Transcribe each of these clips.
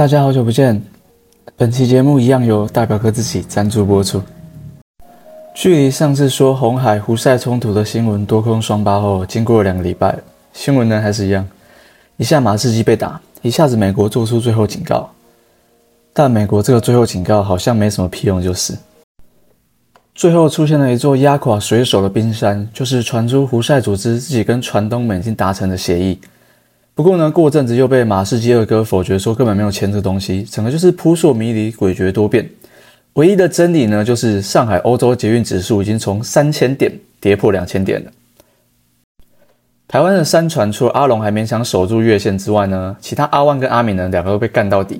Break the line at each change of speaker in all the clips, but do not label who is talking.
大家好久不見，本期節目一樣由大表哥自己贊助播出。距離上次說紅海胡塞衝突的新聞多空雙巴後，經過了兩個禮拜，新聞呢還是一樣，一下馬士基被打，一下子美國做出最後警告，但美國這個最後警告好像沒什麼屁用，就是最後出現了一座壓垮水手的冰山，就是傳出胡塞組織自己跟船東們已經達成的協議。不過呢，過陣子又被馬士基二哥否決，說根本沒有簽這東西，整個就是撲朔迷離、詭譎多變。唯一的真理呢，就是上海歐洲捷運指數已經從三千點跌破兩千點了。台灣的三船除了阿龍還勉強守住月線之外呢，其他阿萬跟阿明呢，兩個都被幹到底。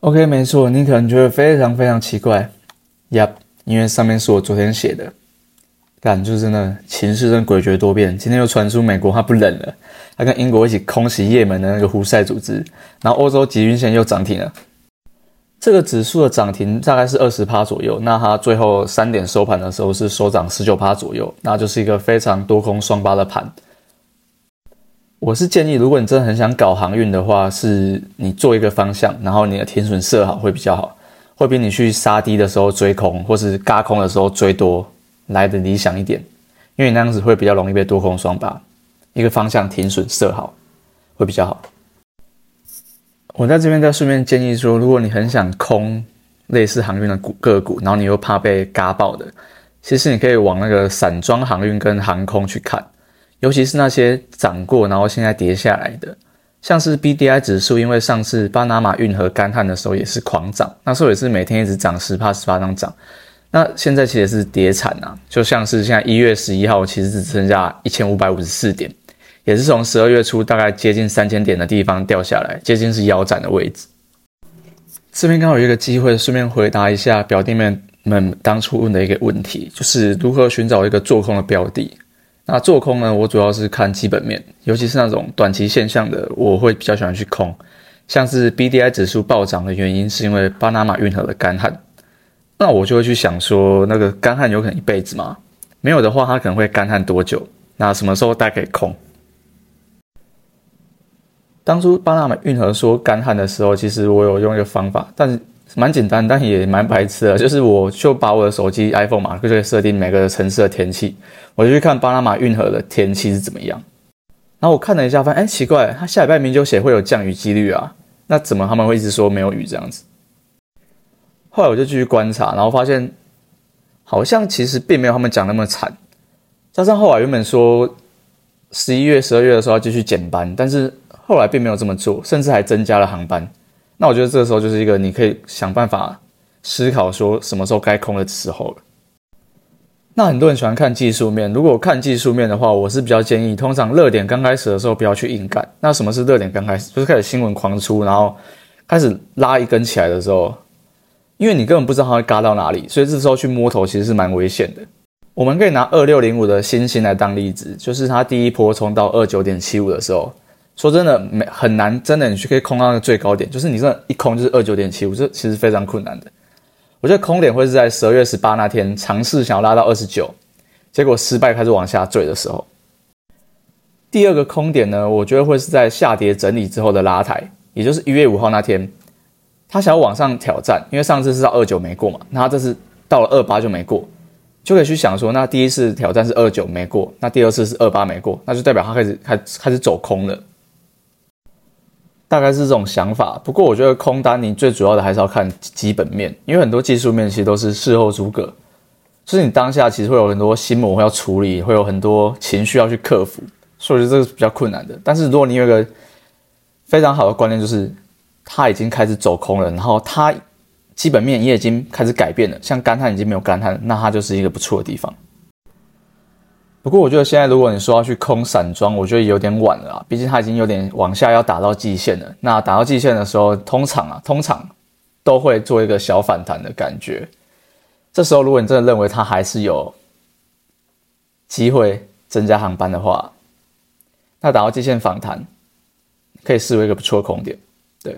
OK，沒錯，你可能覺得非常非常奇怪，yep，因為上面是我昨天寫的。感就是真的，形勢真詭譎多變。今天又傳出美國它不冷了，它跟英國一起空襲也門的那個胡塞組織，然後歐洲集運線又漲停了。這個指數的漲停大概是二十趴左右，那它最後三點收盤的時候是收漲十九趴左右，那就是一個非常多空雙巴的盤。我是建議，如果你真的很想搞航運的話，是你做一個方向，然後你的停損設好會比較好，會比你去殺低的時候追空，或是嘎空的時候追多來的理想一點，因為你那樣子會比較容易被多空雙巴，一個方向停損設好會比較好。我在這邊再順便建議說，如果你很想空類似航運的股個股，然後你又怕被嘎爆的，其實你可以往那個散裝航運跟航空去看，尤其是那些漲過然後現在跌下來的，像是 BDI 指數，因為上次巴拿馬運河乾旱的時候也是狂漲，那時候也是每天一直漲十趴十八趴漲。那現在其實是跌慘啊，就像是現在一月十一號，其實只剩下一千五百五十四點，也是從十二月初大概接近三千點的地方掉下來，接近是腰斬的位置。這邊剛好有一個機會，順便回答一下表弟們們當初問的一個問題，就是如何尋找一個做空的標的？那做空呢，我主要是看基本面，尤其是那種短期現象的，我會比較喜歡去空。像是 B D I 指數暴漲的原因，是因為巴拿馬運河的乾旱。那我就會去想說，那個乾旱有可能一輩子嗎？沒有的話，它可能會乾旱多久？那什麼時候大概可以控？當初巴拿馬運河說乾旱的時候，其實我有用一個方法，但是蠻簡單，但也蠻白痴的，就是我就把我的手機 iPhone 嘛，就可以設定每個城市的天氣，我就去看巴拿馬運河的天氣是怎麼樣。然後我看了一下，發現哎奇怪，它下禮拜明就寫會有降雨幾率啊，那怎麼他們會一直說沒有雨這樣子？後來我就繼續觀察，然後發現，好像其實並沒有他們講那麼慘。加上後來原本說，十一月、十二月的時候要繼續減班，但是後來並沒有這麼做，甚至還增加了航班。那我覺得這個時候就是一個你可以想辦法思考說什麼時候該空的時候了。那很多人喜歡看技術面，如果看技術面的話，我是比較建議，通常熱點剛開始的時候不要去硬幹。那什麼是熱點剛開始？就是開始新聞狂出，然後開始拉一根起來的時候。因為你根本不知道它會嘎到哪裡，所以這時候去摸頭其實是蠻危險的。我們可以拿二六零五的新興來當例子，就是它第一波衝到二九點七五的時候，說真的沒很難，真的你去可以空到最高點，就是你這一空就是二九點七五，這其實非常困難的。我覺得空點會是在十二月十八那天，嘗試想要拉到二十九，結果失敗開始往下墜的時候。第二個空點呢，我覺得會是在下跌整理之後的拉抬，也就是一月五號那天。他想要往上挑戰，因為上次是到二九沒過嘛，那他這次到了二八就沒過，就可以去想說，那第一次挑戰是二九沒過，那第二次是二八沒過，那就代表他開始開開始走空了，大概是這種想法。不過我覺得空單你最主要的還是要看基本面，因為很多技術面其實都是事後諸葛，就是你當下其實會有很多心魔要處理，會有很多情緒要去克服，所以我覺得這個是比較困難的。但是如果你有一個非常好的觀念，就是。它已經開始走空了，然後它基本面也已經開始改變了，像乾旱已經沒有乾旱，那它就是一個不錯的地方。不過，我覺得現在如果你說要去空散裝，我覺得有點晚了啊，畢竟它已經有點往下要打到季線了。那打到季線的時候，通常啊，通常都會做一個小反彈的感覺。這時候，如果你真的認為它還是有機會增加航班的話，那打到季線反彈，可以視為一個不錯的空點，對。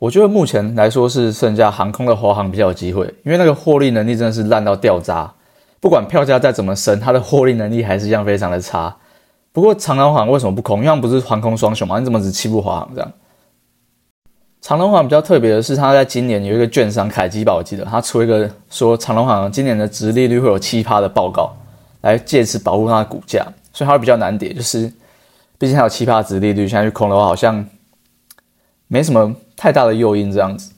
我覺得目前來說是剩下航空的華航比較有機會，因為那個獲利能力真的是爛到掉渣，不管票價再怎麼升，它的獲利能力還是一樣非常的差。不過長榮航為什麼不空？因為它不是航空雙雄嗎？你怎麼只欺負華航這樣？長榮航比較特別的是，它在今年有一個券商凱基吧，我記得他出一個說長榮航今年的殖利率會有七趴的報告，來借此保護它的股價，所以它會比較難跌，就是畢竟還有七趴殖利率，現在去空的話好像沒什麼太大的誘因，這樣子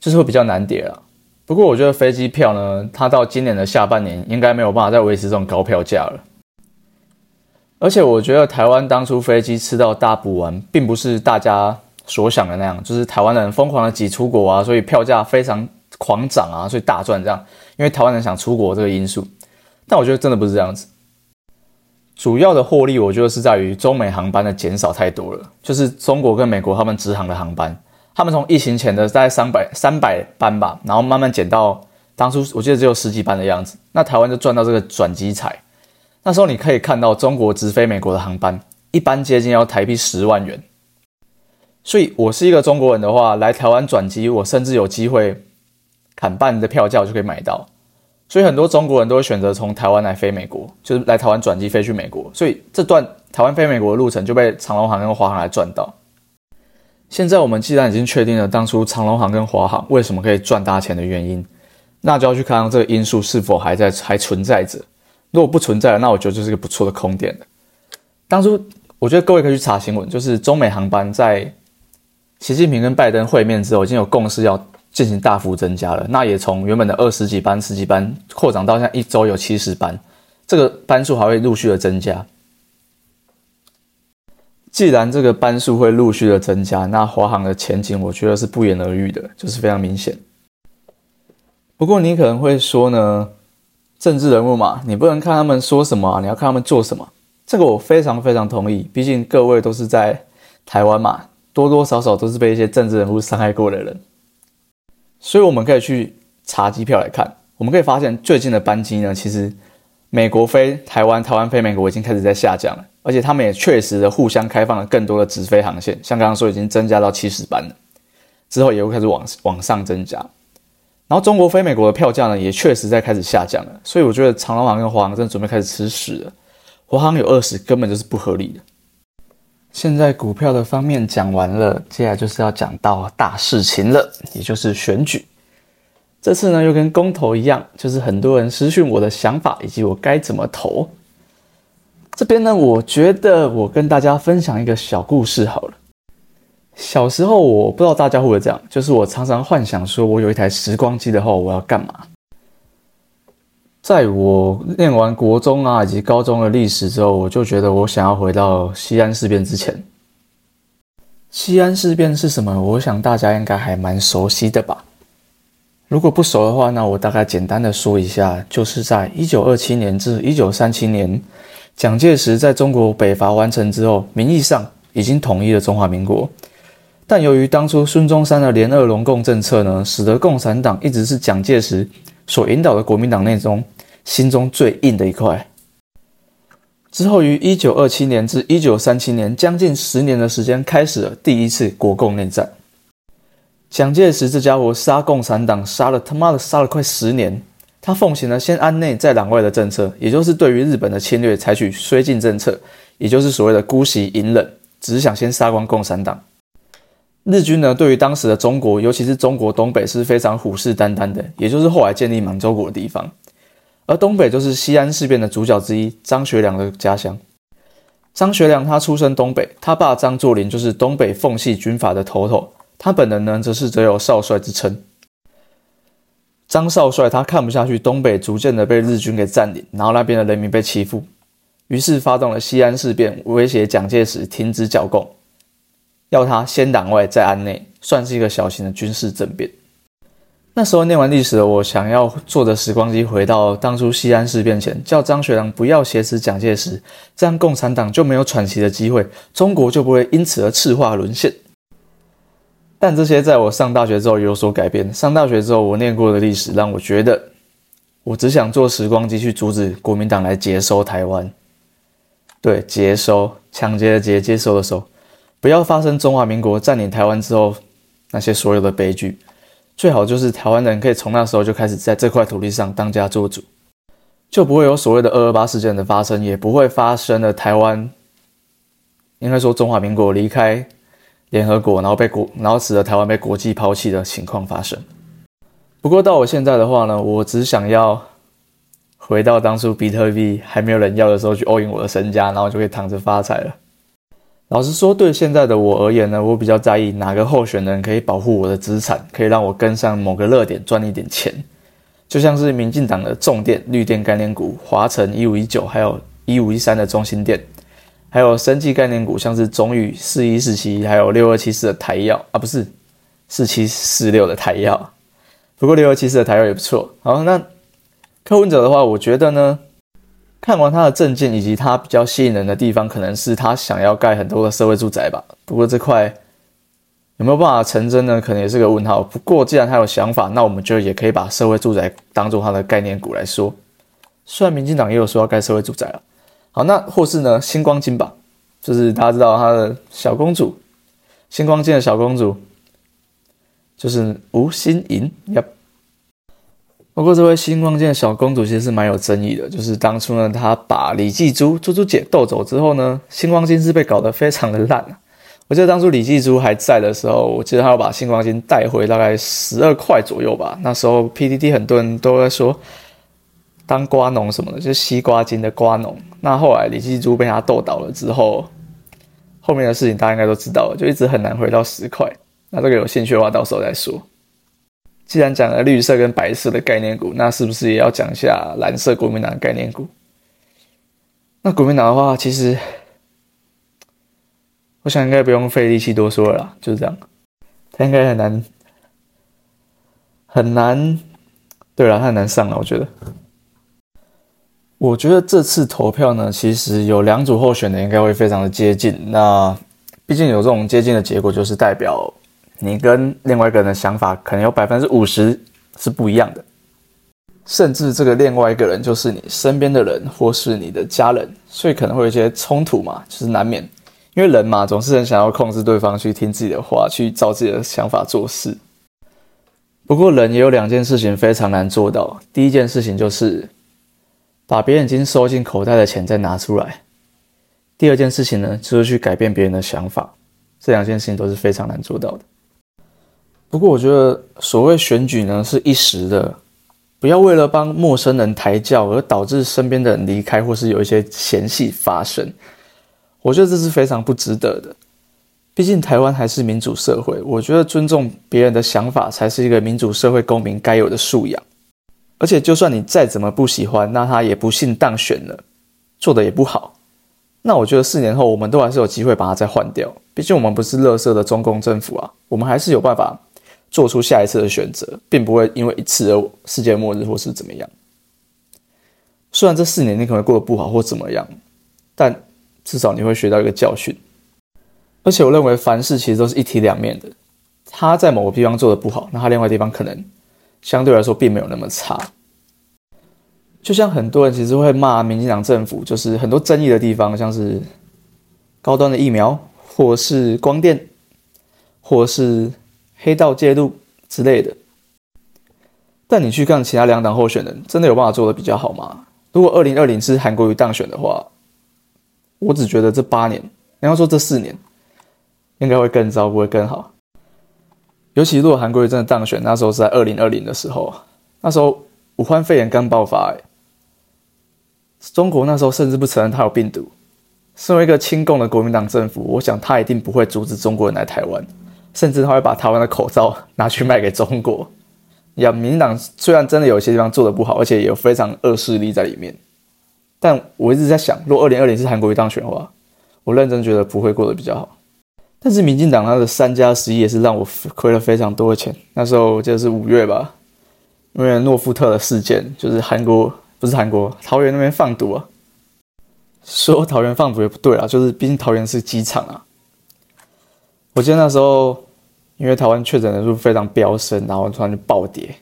就是會比較難跌了。不過，我覺得飛機票呢，它到今年的下半年應該沒有辦法再維持這種高票價了。而且，我覺得台灣當初飛機吃到大補丸，並不是大家所想的那樣，就是台灣人瘋狂的擠出國啊，所以票價非常狂漲啊，所以大賺這樣。因為台灣人想出國這個因素，但我覺得真的不是這樣子。主要的獲利，我覺得是在於中美航班的減少太多了，就是中國跟美國他們直航的航班。他們從疫情前的大概三百三百班吧，然後慢慢減到當初我記得只有十幾班的樣子。那台灣就賺到這個轉機財。那時候你可以看到中國直飛美國的航班，一般接近要台幣十萬元。所以，我是一個中國人的話，來台灣轉機，我甚至有機會砍半的票價我就可以買到。所以，很多中國人都會選擇從台灣來飛美國，就是來台灣轉機飛去美國。所以，這段台灣飛美國的路程就被長榮航跟華航來賺到。現在我們既然已經確定了當初長榮航跟華航為什麼可以賺大錢的原因，那就要去看看這個因素是否還在、還存在着。如果不存在了，那我覺得就是個不錯的空點。當初我覺得各位可以去查新聞，就是中美航班在習近平跟拜登會面之後，已經有共識要進行大幅增加了。那也從原本的二十幾班、十幾班擴展到現在一周有七十班，這個班數還會陸續的增加。既然這個班數會陸續的增加，那華航的前景我覺得是不言而喻的，就是非常明顯。不過你可能會說呢，政治人物嘛，你不能看他們說什麼啊，你要看他們做什麼。這個我非常非常同意，畢竟各位都是在台灣嘛，多多少少都是被一些政治人物傷害過的人。所以我們可以去查機票來看，我們可以發現最近的班機呢，其實美國飛台灣、台灣飛美國已經開始在下降了。而且他們也確實的互相開放了更多的直飛航線，像剛剛說已經增加到七十班了，之後也會開始往往上增加。然後中國飛美國的票價呢，也確實在開始下降了。所以我覺得長榮航跟華航真的準備開始吃屎了，華航有二十根本就是不合理的。現在股票的方面講完了，接下來就是要講到大事情了，也就是選舉。這次呢又跟公投一樣，就是很多人私訊我的想法以及我該怎麼投。這邊呢，我覺得我跟大家分享一個小故事好了。小時候我不知道大家會不會這樣，就是我常常幻想說我有一台時光機的話，我要幹嘛？在我念完國中啊以及高中的歷史之後，我就覺得我想要回到西安事變之前。西安事變是什麼？我想大家應該還蠻熟悉的吧。如果不熟的話，那我大概簡單的說一下，就是在一九二七年至一九三七年。蔣介石在中國北伐完成之後，名義上已經統一了中華民國，但由於當初孫中山的聯俄容共政策呢，使得共產黨一直是蔣介石所引導的國民黨內中心中最硬的一塊。之後於1927年至1937年，將近十年的時間，開始了第一次國共內戰。蔣介石這家伙殺共產黨，殺了他媽的殺了快十年。他奉行了先安內再攘外的政策，也就是對於日本的侵略採取綏靖政策，也就是所謂的姑息隱忍，只想先殺光共產黨。日軍呢，對於當時的中國，尤其是中國東北是非常虎視眈眈的，也就是後來建立滿洲國的地方。而東北就是西安事變的主角之一，張學良的家鄉。張學良他出生東北，他爸張作霖就是東北奉系軍閥的頭頭，他本人呢，則是則有少帥之稱。張少帥他看不下去，東北逐漸的被日軍給佔領，然後那邊的人民被欺負，於是發動了西安事變，威脅蔣介石停止剿共，要他先黨外再安內，算是一個小型的軍事政變。那時候念完歷史的我，想要坐着時光機回到當初西安事變前，叫張學良不要挾持蔣介石，這樣共產黨就沒有喘息的機會，中國就不會因此而赤化淪陷。但這些在我上大學之後有所改變。上大學之後，我念過的歷史讓我覺得，我只想坐時光機去阻止國民黨來接收台灣。對，接收搶劫的劫，接收的收，不要發生中華民國佔領台灣之後那些所有的悲劇。最好就是台灣人可以從那時候就開始在這塊土地上當家做主，就不會有所謂的二二八事件的發生，也不會發生了台灣，應該說中華民國離開。聯合國，然後被國，然後使得台灣被國際拋棄的情況發生。不過到我現在的話呢，我只想要回到當初比特幣還沒有人要的時候去 all in 我的身家，然後就可以躺着發財了。老實說，對現在的我而言呢，我比較在意哪個候選人可以保護我的資產，可以讓我跟上某個熱點賺一點錢。就像是民進黨的重電、綠電概念股、華城一五一九，還有一五一三的中興電。還有生技概念股，像是中裕四一四七，還有六二七四的台耀啊，不是四七四六的台耀。不過六二七四的台耀也不錯。好，那柯文哲的話，我覺得呢，看完他的政見，以及他比較吸引人的地方，可能是他想要蓋很多的社會住宅吧。不過這塊有沒有辦法成真呢？可能也是個問號。不過既然他有想法，那我們就也可以把社會住宅當做他的概念股來說。雖然民進黨也有說要蓋社會住宅了。好，那或是呢？星光金吧，就是大家知道他的小公主，星光金的小公主，就是吳心盈。哦，不過，yep，這位星光金的小公主其實是蠻有爭議的，就是當初呢，她把李繼珠、珠珠姐鬥走之後呢，星光金是被搞得非常的爛。我記得當初李繼珠還在的時候，我記得她要把星光金帶回大概十二塊左右吧。那時候 PTT 很多人都在說當瓜農什麼的，就是西瓜金的瓜農。那後來李記珠被他鬥倒了之後，後面的事情大家應該都知道了，就一直很難回到十塊。那這個有興趣的話，到時候再說。既然講了綠色跟白色的概念股，那是不是也要講一下藍色國民黨的概念股？那國民黨的話，其實我想應該不用費力氣多說了啦，就是這樣。他應該很難，很難。對啦，他很難上了，我覺得。我覺得這次投票呢，其實有兩組候選人應該會非常的接近。那畢竟有這種接近的結果，就是代表你跟另外一個人的想法可能有百分之五十是不一樣的，甚至這個另外一個人就是你身邊的人或是你的家人，所以可能會有一些衝突嘛，就是難免。因為人嘛，總是很想要控制對方去聽自己的話，去照自己的想法做事。不過人也有兩件事情非常難做到，第一件事情就是，把別人已經收進口袋的錢再拿出來。第二件事情呢，就是去改變別人的想法。這兩件事情都是非常難做到的。不過，我覺得所謂選舉呢，是一時的，不要為了幫陌生人抬轎而導致身邊的人離開，或是有一些嫌隙發生。我覺得這是非常不值得的。畢竟台灣還是民主社會，我覺得尊重別人的想法才是一個民主社會公民該有的素養。而且，就算你再怎麼不喜歡，那他也不幸當選了，做得也不好。那我覺得四年後，我們都還是有機會把他再換掉。畢竟我們不是垃圾的中共政府啊，我們還是有辦法做出下一次的選擇，並不會因為一次而世界末日或是怎麼樣。雖然這四年你可能過得不好或怎麼樣，但至少你會學到一個教訓。而且我認為凡事其實都是一體兩面的。他在某個地方做得不好，那他另外地方可能。相對來說，並沒有那麼差。就像很多人其實會罵民進黨政府，就是很多爭議的地方，像是高端的疫苗，或是光電，或是黑道介入之類的。但你去看其他兩黨候選人，真的有辦法做得比較好嗎？如果二零二零是韓國瑜當選的話，我只覺得這八年，你要說這四年，應該會更糟，不會更好。尤其如果韓國瑜真的當選，那時候是在二零二零的時候，那時候武漢肺炎剛爆發，中國那時候甚至不承認他有病毒。身為一個親共的國民黨政府，我想他一定不會阻止中國人來台灣，甚至他會把台灣的口罩拿去賣給中國。啊，民進黨雖然真的有些地方做的不好，而且也有非常惡勢力在裡面，但我一直在想，如果二零二零是韓國瑜當選的話，我認真覺得不會過得比較好。但是民進黨他的三加十一也是讓我虧了非常多的錢。那時候就是五月吧，因為諾富特的事件，就是韓國不是韓國，桃園那邊放毒啊。說桃園放毒也不對啦，就是畢竟桃園是機場啊。我記得那時候因為台灣確診人數非常飆升，然後突然就暴跌。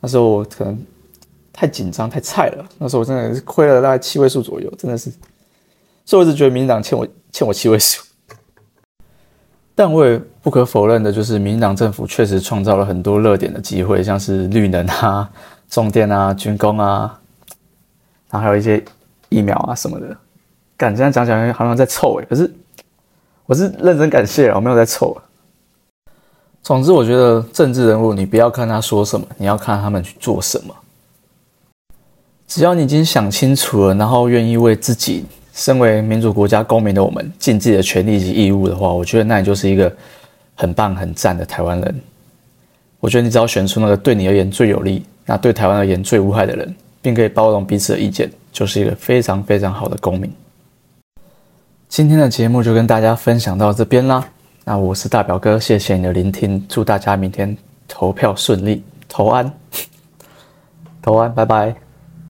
那時候我可能太緊張太菜了，那時候我真的是虧了大概七位數左右，真的是。所以我一直覺得民進黨欠我，欠我七位數。但我也不可否認的就是，民進黨政府確實創造了很多熱點的機會，像是綠能啊、重電啊、軍工啊，然後還有一些疫苗啊什麼的。敢這樣講講，好像在臭哎。可是我是認真感謝了，我沒有在臭了。總之，我覺得政治人物你不要看他說什麼，你要看他們去做什麼。只要你已經想清楚了，然後願意為自己。身為民主國家公民的我們，盡自己的權利及義務的話，我覺得那你就是一個很棒、很讚的台灣人。我覺得你只要選出那個對你而言最有利、那對台灣而言最無害的人，並可以包容彼此的意見，就是一個非常非常好的公民。今天的節目就跟大家分享到這邊啦。那我是大表哥，謝謝你的聆聽，祝大家明天投票順利，投安，投安，拜拜。